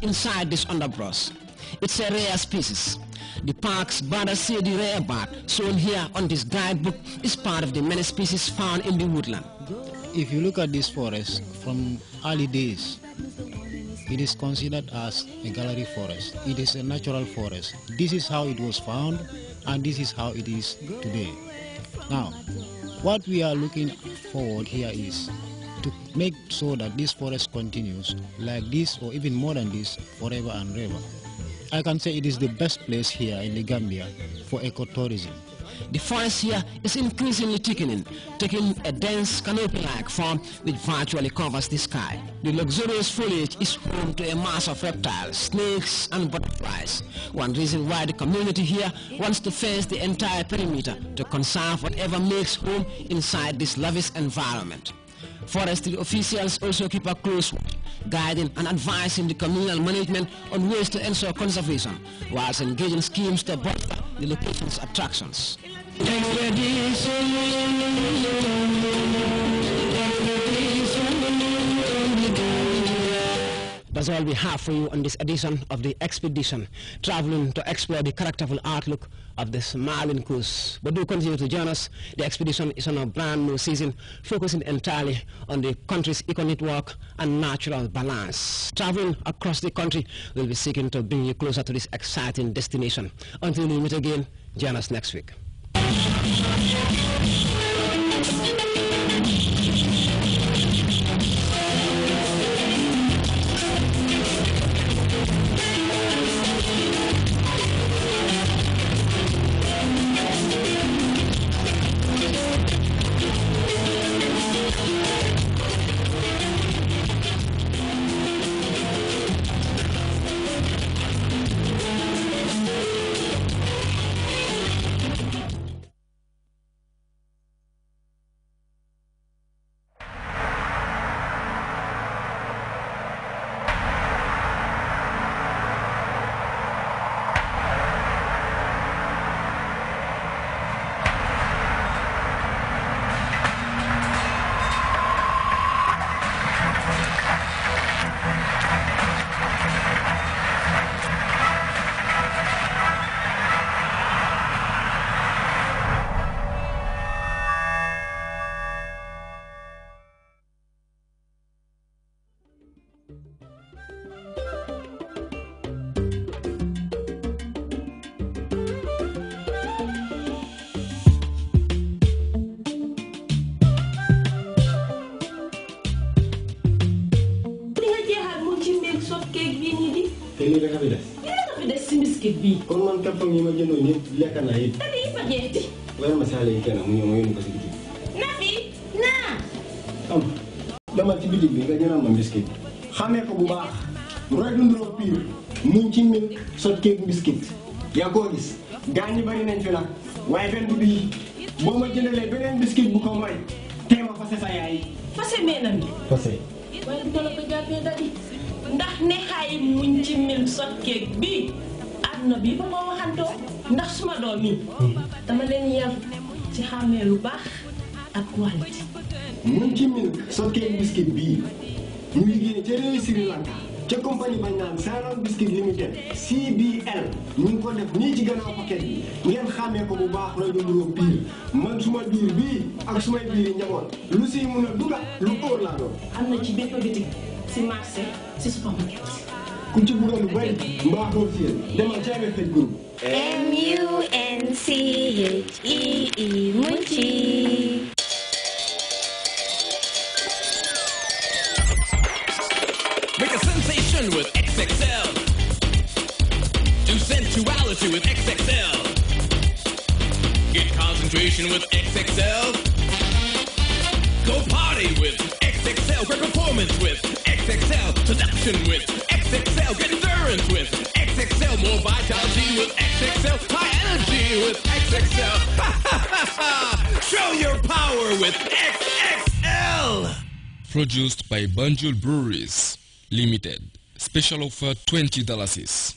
inside this underbrush. It's a rare species. The park's Badasidi rare bird, shown here on this guidebook, is part of the many species found in the woodland. If you look at this forest from early days, it is considered as a gallery forest. It is a natural forest. This is how it was found and this is how it is today. Now, what we are looking forward here is to make so that this forest continues like this or even more than this forever and ever. I can say it is the best place here in the Gambia for ecotourism. The forest here is increasingly thickening, taking a dense canopy-like form which virtually covers the sky. The luxurious foliage is home to a mass of reptiles, snakes and butterflies. One reason why the community here wants to fence the entire perimeter to conserve whatever makes home inside this lavish environment. Forestry officials also keep a close watch, guiding and advising the communal management on ways to ensure conservation, whilst engaging schemes to bolster the location's attractions. That's all we have for you on this edition of the expedition, traveling to explore the characterful outlook of this Malin coast. But do continue to join us. The expedition is on a brand new season, focusing entirely on the country's economic work and natural balance. Traveling across the country, we'll be seeking to bring you closer to this exciting destination. Until we meet again, join us next week. nii rek a a fi kon man carton yi ma jëndoon yëpp lekk naa yëpp. te lii spaghetti. yi kenn mu ñëw ma yónni ko si bitig. naa. am dama ci bitig bi nga jëndal ma biscuit. xamee ko bu baax. rek nduroo pire. muñ ci mil sot keeg biscuit. yaa koo gis. gaañ ñi bari nañ fi nag. waaye benn bu bii. boo ma jëndalee beneen biscuit bu ko mooy. tee ma fase sa yaay. fase meenam fase. ndax ne xaay muñ ci mil kek bi adna bi ba ma waxanto ndax suma doom hmm. dama leen yar ci xàmmee lu baax ak walit muñ ci mil kek biscuit bi ñu ngi ci réew Sri Lanka ca compagnie bañ naan Saral Biscuit Limited CBL ñu ko def ni ci gannaaw paquet bi ngeen xàmmee ko bu baax la ñu mënoo biir man suma biir bii ak sumay biir njaboot lu siy mun a duga lu óor laa doon am na ci bépp bitig si marché M U N C H E E Munchi. Make a sensation with XXL. Do sensuality with XXL. Get concentration with XXL. Go party with XXL. Great performance with XXL. XXL seduction with XXL endurance with XXL more vitality with XXL high energy with XXL. Ha, ha, ha, Show your power with XXL. Produced by Banjul Breweries Limited. Special offer twenty dollars.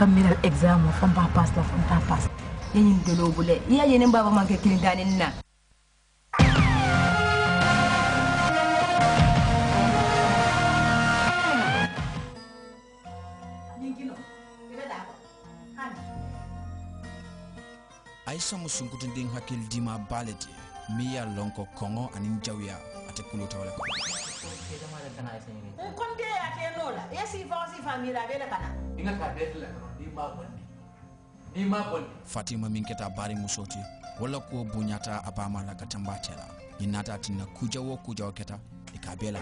kamilal exam o fompa passe la fompa passe yeñin dolobule iya yene mbaba manke kilindanin na a ye sango dima baale te min y'a lɔn kɔ kɔngɔ ani jawuya a tɛ sifan o sifan miira a na ni fatima min kɛta bari muso wala ko bunyata apa ba ma la ka tamba cɛ la i nata tinna kuja o kuja o kɛta i k'a bɛɛ la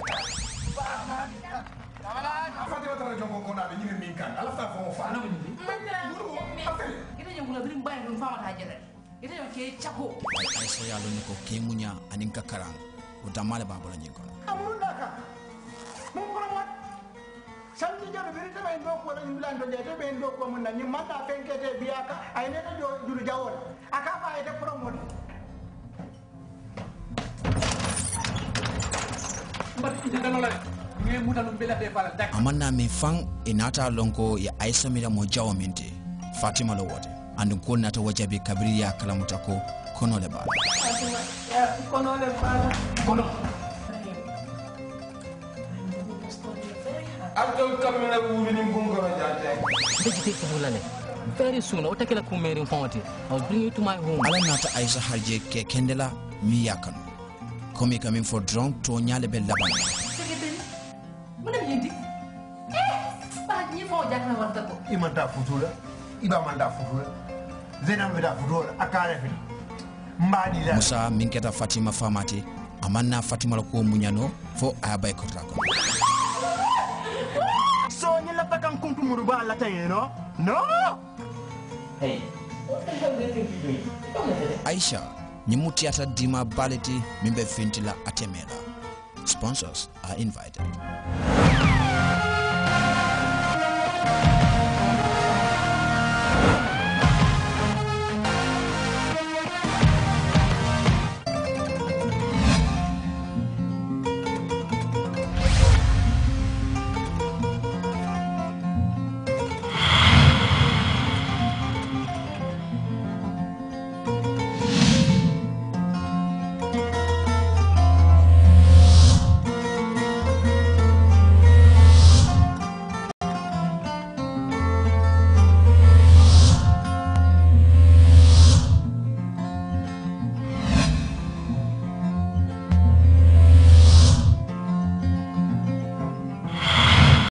fatima taara jɔn ko kɔnɔ ni min kan ala t'a fɔ fa ala ni ɲini i tɛ ɲɛ ni biri ba in fa ma taa jɛnɛ i tɛ ɲɛ k'e cako y'a lɔn ni ko k'e munya ani ka o dama de ni bolo ɲɛ kɔnɔ sanji jaru biri tebe en doku wala nyula ndo be en doku mun na nyimma fenkete biyaka ay ne to juru jawol aka fa ay te promo amanna min fan e nata lonko ya aissa mira mo jawo min te fatima lo wote andu ko nata wajabi kabiri ya kalamuta ko kono le bala kamina wulinim gum kono jate vegetate hulane very soon o takela you to my home ala nata aissa harje ke kendela mi yakan komi kamin fo dron to nyale be laban mona yedi eh ba ni fo jakna wanta ko imanta futula iba manda futula zena meda ak akare fi mbadi la musa min keta fatima famati amanna fatima la ko muñano fo abay ko rakon contre Muruba latin, you know? No! Hey, what the Aisha, ni muti ata dima baleti mimbe finti la atemela. Sponsors are invited.